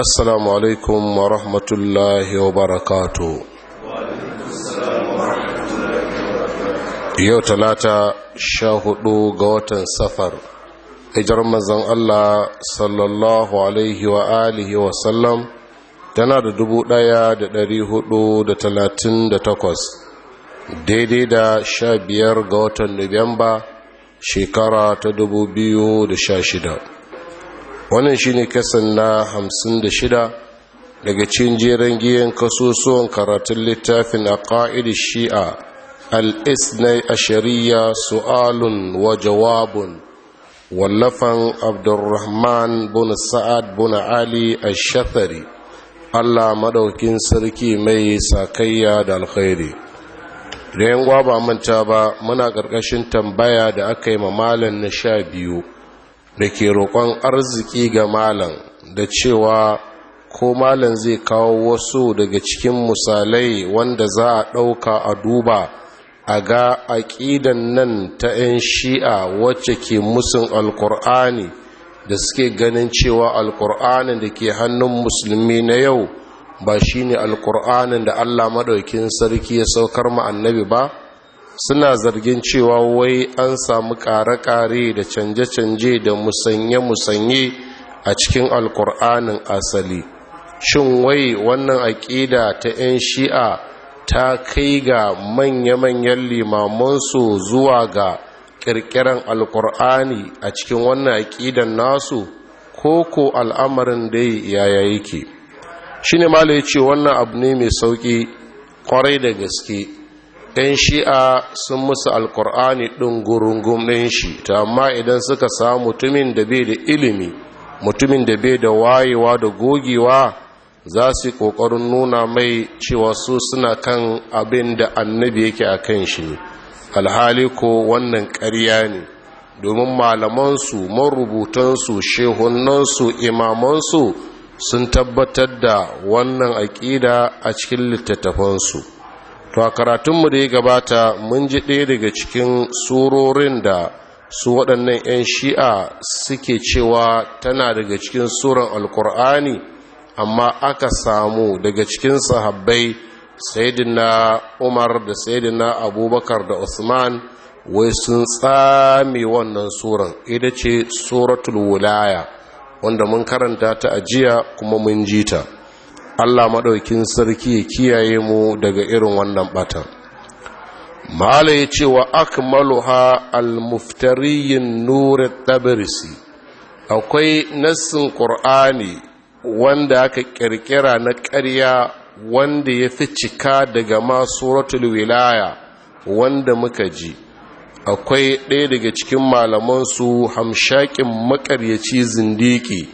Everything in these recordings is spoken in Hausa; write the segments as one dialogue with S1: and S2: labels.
S1: assalamu alaikum wa rahmatullahi wa barakatu yau talata sha hudu ga watan safar hijar mazan Allah sallallahu alaihi wa alihi wa sallam tana da dubu daya da dari hudu da talatin da takwas daidai da sha biyar ga watan nuwamba shekara ta dubu biyu da sha shida wannan shi ne kasan na hamsin da shida daga cikin jeren giyan kasusuwan karatun littafin a ƙa'idu shi'a al'isnai a shari'a su'alun wa jawabun wallafan abdurrahman bin sa'ad bin ali a allah maɗaukin sarki mai sakayya da alkhairi da yan gwaba manta ba muna ƙarƙashin tambaya da aka yi mamalin na sha biyu da ke roƙon arziki ga malam da cewa ko malam zai kawo wasu daga cikin misalai wanda za a ɗauka a duba a ga aƙidan nan ta 'yan shi'a wacce ke musun Alƙur'ani da suke ganin cewa alƙur'anin da ke hannun musulmi na yau ba shine Alƙur'anin da allah maɗaukin sarki ya saukar ma annabi ba suna zargin cewa wai an samu ƙare-ƙare da canje-canje da musanye-musanye a cikin alkur'anin asali shin wai wannan aƙida ta 'yan shi'a ta kai ga manya-manyan limamansu zuwa ga ƙirƙirar alkur'ani a cikin wannan aƙidan nasu ko ko al'amarin dai yaya yake shi ne ma ce wannan abu ne mai sauƙi ƙwarai da gaske 'yan shi'a sun musu alkur'ani ɗin gurungun ɗin shi ta amma idan suka sa mutumin da bai da ilimi mutumin da bai da wayewa da gogewa za su yi ƙoƙarin nuna mai cewa su suna kan abin da annabi yake a kan shi alhali ko wannan ƙarya ne domin malamansu marubutansu shehunansu imamansu sun tabbatar da wannan aƙida a cikin littattafansu to a karatunmu da ya gabata mun ji ɗaya daga cikin surorin da su waɗannan 'yan shi'a suke cewa tana daga cikin suran alkur'ani amma aka samu daga cikin sahabbai sayidina umar da sayidina abubakar da usman wai sun tsami wannan suran ita ce suratul wulaya wanda mun karanta ta ajiya kuma mun ji ta Allah maɗaukin sarki ya kiyaye mu daga irin wannan ɓatan. mala ya ce wa akmaluha almuftariyin nuri tabirisi akwai nassin ƙur'ani wanda aka ƙirƙira na ƙarya wanda ya fi cika daga masu wilaya wanda muka ji akwai ɗaya daga cikin malamansu hamshakin makaryaci zindiki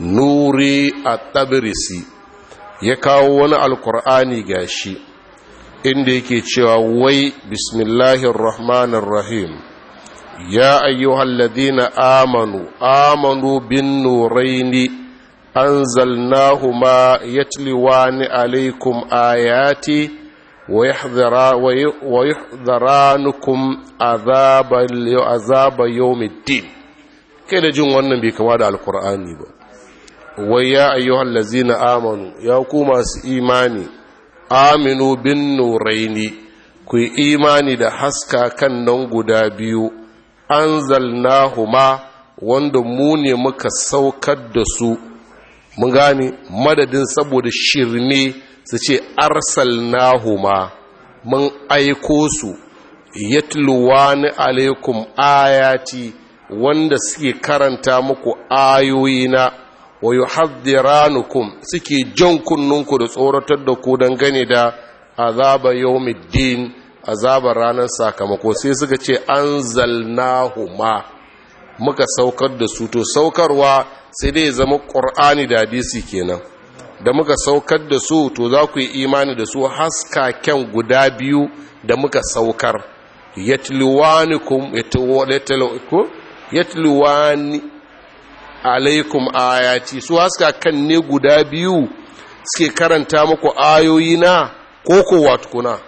S1: nuri a tabirisi ya kawo wani alkur'ani ga shi inda yake cewa wai bismillahirrahmanirrahim ya rahim ya amanu amanu bin nuraini ma yatliwani alaikum ayati wa yahdharanukum azaba yawmiddin kai da jin wannan bai kama da alkur'ani ba wai ya ayyuhal lazina amanu ya ku masu imani aminu bin nuraini ku yi imani da haska kan nan guda biyu anzalnahuma wanda mu ne muka saukar da su mun gane madadin saboda shirme su ce arsalnahuma mun aiko su yatluwani alaikum ayati wanda suke karanta muku ayoyina wa yuhadhdhiranukum suke jan kunnunku da tsoratar da ku dangane da azaba yawmiddin azaba ranar sakamako sai suka ce an ma. muka saukar da su to saukarwa sai dai zama ƙur'ani da hadisi kenan da muka saukar da su to za ku yi imani da su haska kyan guda biyu da muka saukar yatluwanikum yatluwanikum yatluwani alaikum ayati su haska kan ne guda biyu suke karanta muku ayoyi na koko kuna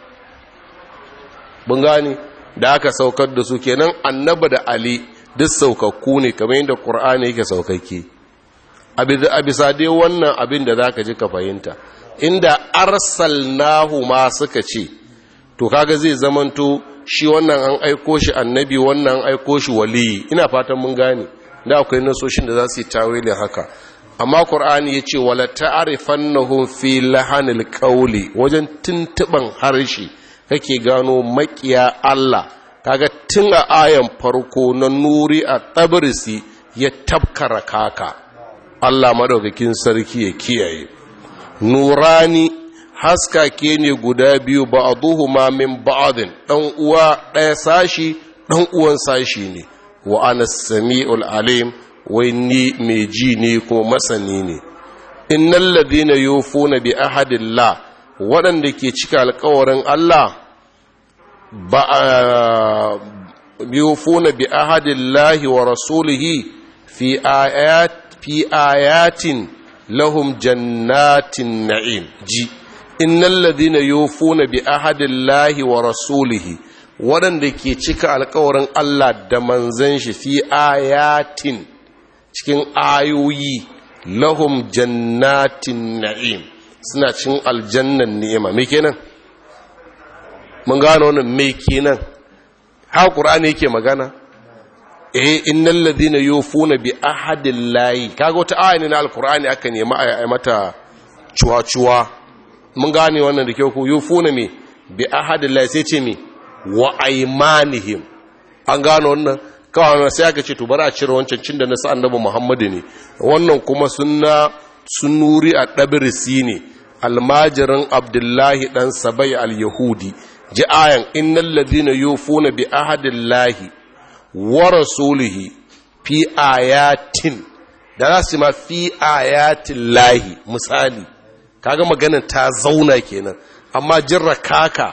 S1: bun gani da aka saukar da su kenan annaba da ali duk saukakku ne kamar yadda qur'ani yake saukakke a bisa dai wannan abin da zaka ji ka fahimta inda arsalnahu ma suka ce to kaga zai zamanto shi wannan an aiko shi annabi wannan an aiko shi wali ina fatan mun gane da akwai nasoshin da za su yi tawili haka amma Kur'ani ya ce wala ta'rifannahum fi lahanil ƙaule wajen tuntuban harshe kake gano makiya Allah kaga tun a ayan farko na nuri a tabrisi ya tabkara kaka Allah madaukakin sarki ya kiyaye nurani haska ke ne guda biyu ba'dhuhuma min ba'adin. Ɗan uwa ɗaya sashi ɗan uwan sashi ne wa ana sami'ul alim wai ni mai ji ne ko masani ne innal ladina yufuna bi ahadillah waɗanda ke cika alkawarin Allah ba yufuna bi ahadillahi wa rasulihi fi fi ayatin lahum jannatin na'im ji innal ladina yufuna bi ahadillahi wa rasulihi waɗanda ke cika alkawarin Allah da manzan shi fi ayatin cikin ayoyi lahum jannatin na'im suna cin aljannan ni'ima me kenan mun gano wannan me kenan ha qur'ani yake magana eh innal ladina yufuna bi ahadillahi kaga wata aya ne na alqur'ani aka nema a mata cuwa-cuwa mun gane wannan da kyau ko yufuna me bi ahadillahi sai ce me wa aimanihim an gano wannan kawai sai aka ce to bari a cire wancan cin da nasu annabi muhammadu ne wannan kuma suna sunuri a ɗabirisi ne almajirin abdullahi ɗan sabai al-yahudi ji ayan na ladina funa bi ahadillahi wa rasulihi fi ayatin da za su ma fi ayatin lahi misali kaga maganin ta zauna kenan amma jirra kaka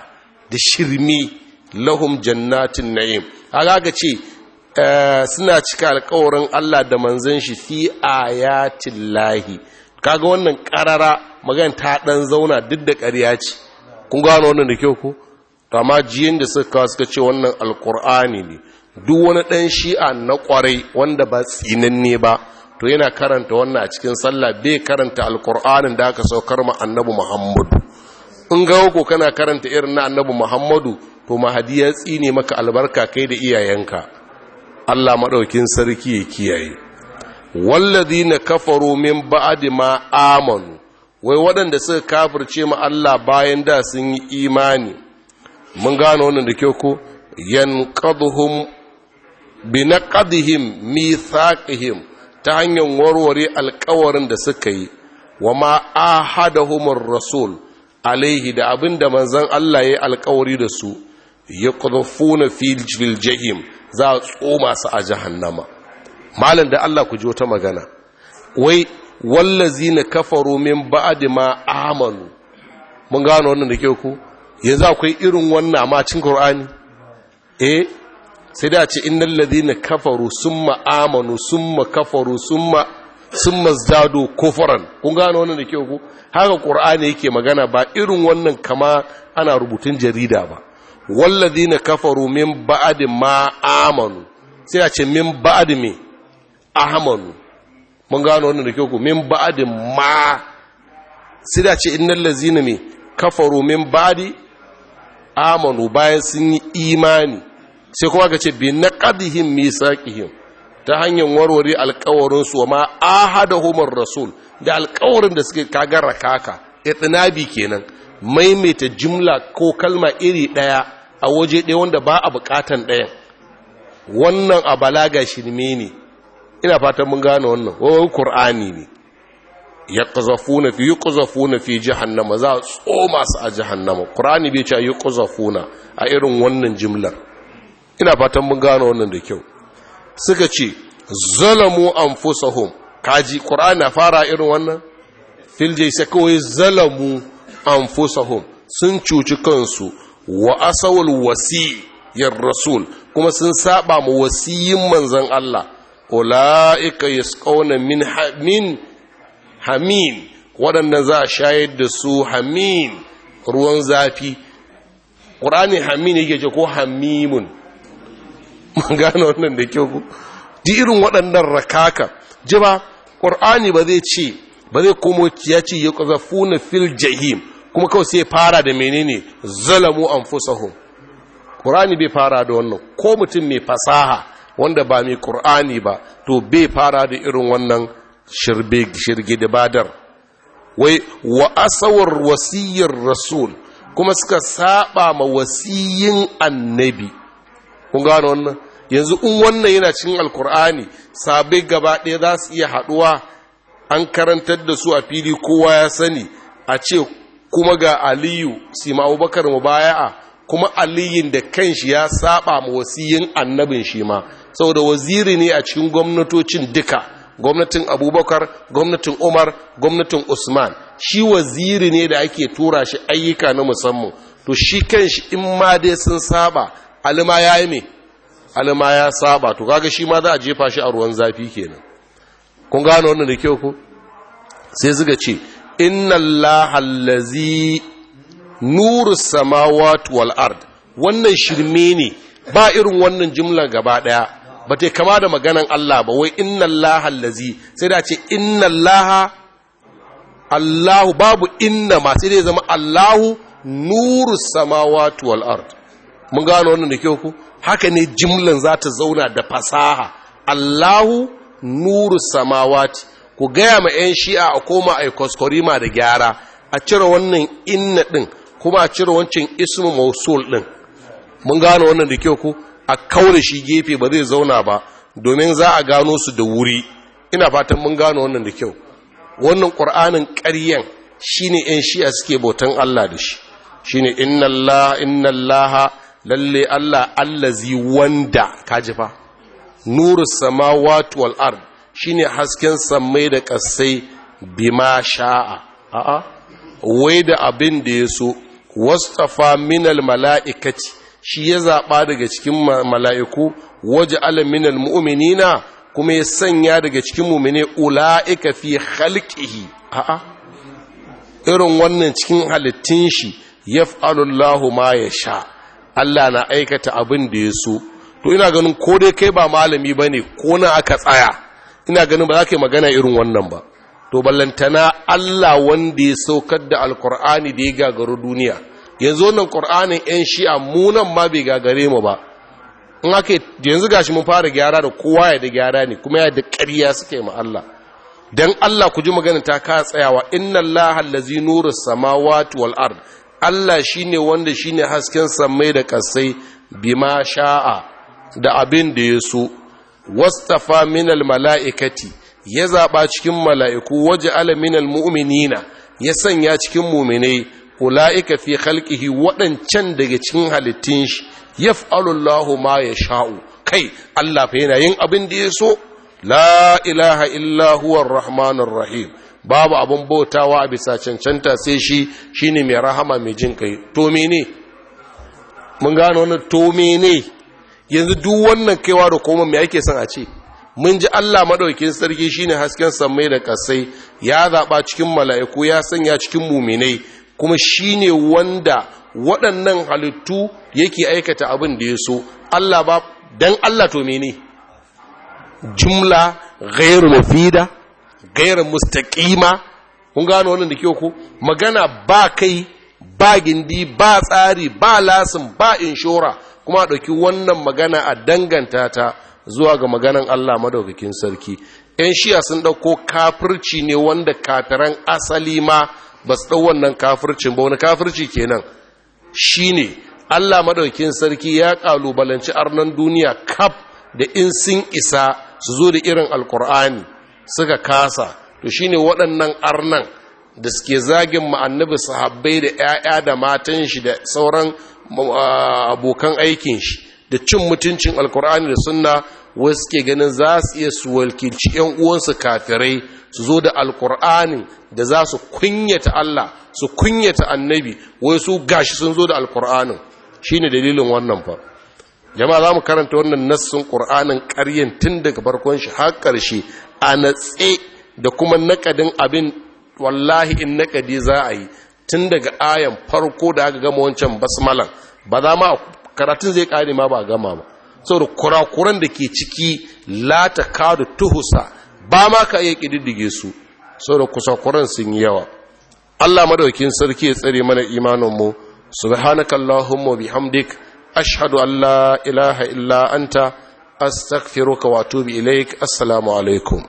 S1: da shirmi lahum jannatin na'im haka ga ce eh, suna cika alkawarin Allah da manzon shi fi ayatin lahi kaga wannan karara magana ta dan zauna duk da ƙarya ce kun gano wannan da kyau ko to amma jiyin da suka kawo suka ce wannan alkur'ani ne duk wani ɗan shi'a na ƙwarai wanda ba tsinanne ba to yana karanta wannan a cikin sallah bai karanta alkur'anin da aka saukar ma annabi muhammadu in ga ko kana karanta irin na annabi muhammadu kuma mahadi ya tsine maka albarka kai da iyayenka Allah maɗaukin sarki ya kiyaye wallazi na kafaru min ba'adi ma amanu wai waɗanda suka kafirce ma Allah bayan da sun yi imani mun gano wannan da kyau ko yanqadhum bi mithaqihim ta hanyar warware alkawarin da suka yi wa ma ahadahumur rasul alaihi da abinda manzon Allah ya alkawari da su yaqdhufuna fil jahim za a tsoma su a jahannama malam da Allah ku ji wata magana wai wallazina kafaru min ba'di ma amanu mun gano wannan da ke ku yanzu akwai irin wannan ma cikin Qur'ani eh sai da ce innal ladina kafaru summa amanu summa kafaru summa summa zadu kufran kun gano wannan da ke ku haka Qur'ani yake magana ba irin wannan kama ana rubutun jarida ba wallazi na kafaru min ba'adi ma amanu sai a ce min ba'adi me ahamanu mun gano wannan da kyau min ba'adi ma sai da ce innal lazina mi kafaru min ba'adi amanu bayan sun yi imani sai kuma ga ce bi naqadihim misaqihim ta hanyar warware alƙawarin su ma ahadahumur rasul da alkawarin da suke kagarra kaka itinabi kenan maimaita jimla ko kalma iri ɗaya a waje ɗaya wanda ba a buƙatan ɗaya. wannan a balaga shi ne ina fatan mun gane wannan wawai ƙur'ani ne ya ƙazafuna fi yi ƙazafuna fi jihannama za a tsoma su a jihannama ƙur'ani bai ce yi ƙazafuna a irin wannan jimlar ina fatan mun gane wannan da kyau suka ce zalamu anfusahum kaji ƙur'ani na fara irin wannan filje sai kawai zalamu anfusahum sun cuci kansu wa asawul wasiyyar rasul kuma sun saba ma wasiyin manzon Allah ulaika yasqawna min min hamin waɗannan za a shayar da su hamin ruwan zafi ƙurani hamin yake ce ko hamimun mun gane wannan da kyau di irin waɗannan rakaka ji ba ƙur'ani ba zai ce ba zai komo ya ce ya ƙazafuna fil jahim kuma kawai sai fara da menene zalamu anfusahum Qur'ani bai fara da wannan ko mutum mai fasaha wanda ba mai Qur'ani ba to bai fara da irin wannan shirbe shirge da badar wai wa asawar wasiyar rasul kuma suka saba ma wasiyin annabi kun gano wannan yanzu in wannan yana cikin alkur'ani sabai gaba ɗaya za su iya haɗuwa an karantar da su a fili kowa ya sani a ce kuma ga aliyu sima abubakar a kuma aliyin da kanshi ya saba ma wasiyin annabin shi ma saboda waziri ne a cikin gwamnatocin duka gwamnatin abubakar gwamnatin umar gwamnatin usman shi waziri ne da ake tura shi ayyuka na musamman to shi kanshi in ma dai sun saba alima ya yi alima ya saba to kaga shi ma za a jefa shi a ruwan zafi kenan kun gano wannan da kyau ku sai suka ce inna allaha allazi nuru samawati wal ard wannan shirme ne ba irin wannan jimlar gaba daya ba ta kama da maganan Allah ba wai inna allaha allazi sai da ce inna Allah allahu babu inna ma sai dai zama allahu nuru samawati wal ard mun gano wannan da kyau ku haka ne jimlan za ta zauna da fasaha allahu nuru samawati ku gaya ma 'yan shi'a a koma a da gyara a cire wannan inna ɗin kuma a cire wancan ismu mausul ɗin mun gano wannan da kyau ku a kaure shi gefe ba zai zauna ba domin za a gano su da wuri ina fatan mun gano wannan da kyau wannan ƙur'anin ƙaryen shi ne 'yan shi'a suke bautan allah da shi shi ne Inna Allaha, lalle allah allazi wanda kajifa. nuru samawa wal ard shine hasken sammai da ƙasai bima sha'a a'a wai da abin da ya so wastafa minal mala'ikati shi ya zaɓa daga cikin mala'iku waje alaminal mu'uminina kuma ya sanya daga cikin mu'mine ula'ika fi halƙihi a'a irin wannan cikin halittun shi ya alullahu ma ya sha Allah na aikata abin da ya so to ina ganin ko dai kai ba malami ba ne ko na aka tsaya ina ganin ba za ka yi magana irin wannan ba to ballantana Allah wanda ya saukar da alkur'ani da ya gagaru duniya yanzu wannan kur'anin yan shi'a munan ma bai gagare mu ba in aka yanzu gashi mun fara gyara da kowa ya da gyara ne kuma ya da ƙarya suke ma Allah dan Allah ku ji magana ta ka tsayawa inna Allah allazi nuru samawati wal ard Allah shine wanda shine hasken samai da kasai bima sha'a da abin da ya so wastafa minal mala'ikati ya zaɓa cikin mala'iku waje alaminal mu'uminina ya sanya cikin muminai ula'ika fi halƙihi waɗancan daga cikin halittun shi ya fa'alullahu ma ya sha'u kai Allah fa yana yin abin da ya so la ilaha illahuwar rahmanin rahim babu abin bautawa a bisa cancanta sai shi shine mai rahama mai jin kai to mene mun gano wani to mene yanzu duk wannan kaiwa da koma mai ake son a ce mun ji Allah maɗaukin sarki shine hasken samai da ƙasai, ya zaɓa cikin mala'iku ya sanya cikin muminai kuma shine wanda waɗannan halittu yake aikata abin da ya so Allah ba dan Allah to mene jumla ghairu mufida ghairu mustaqima kun gano wannan da kyau ko magana ba kai ba gindi ba tsari ba lasin ba inshora kuma a ɗauki wannan magana a danganta ta zuwa ga maganan Allah madaukakin sarki ‘yan shiya sun ɗauko kafirci ne wanda kafiran asali ma ba su ɗau wannan kafircin ba wani kafirci kenan shi ne Allah madaukakin sarki ya ƙalubalanci arnan duniya kaf da in sun isa su zo da irin alkur'ani suka kasa to shi ne waɗannan arnan da suke zagin ma'annabi sahabbai da 'ya'ya da matan shi da sauran abokan aikin shi da cin mutuncin alkur'ani da sunna wasu suke ganin za su iya su walkinci 'yan uwansu kafirai su zo da alkur'ani da za su kunyata Allah su kunyata annabi wai su gashi sun zo da alkur'anin shine dalilin wannan fa jama'a za mu karanta wannan nassin Kur'anin ƙaryen tun daga farkon shi har ƙarshe a natse da kuma naƙadin abin wallahi in naƙadi za a yi tun daga ayan farko da aka gama wancan basmalan ba za ma karatun zai kare ma ba gama ba saboda kurakuran da ke ciki lata kadu tuhusa ba ma ka iya ƙididdige su saboda kusakuran sun yi yawa Allah madaukin sarki ya tsare mana imaninmu subhanakallahumma bihamdik ashhadu an la ilaha illa anta astaghfiruka wa atubu ilaik assalamu alaikum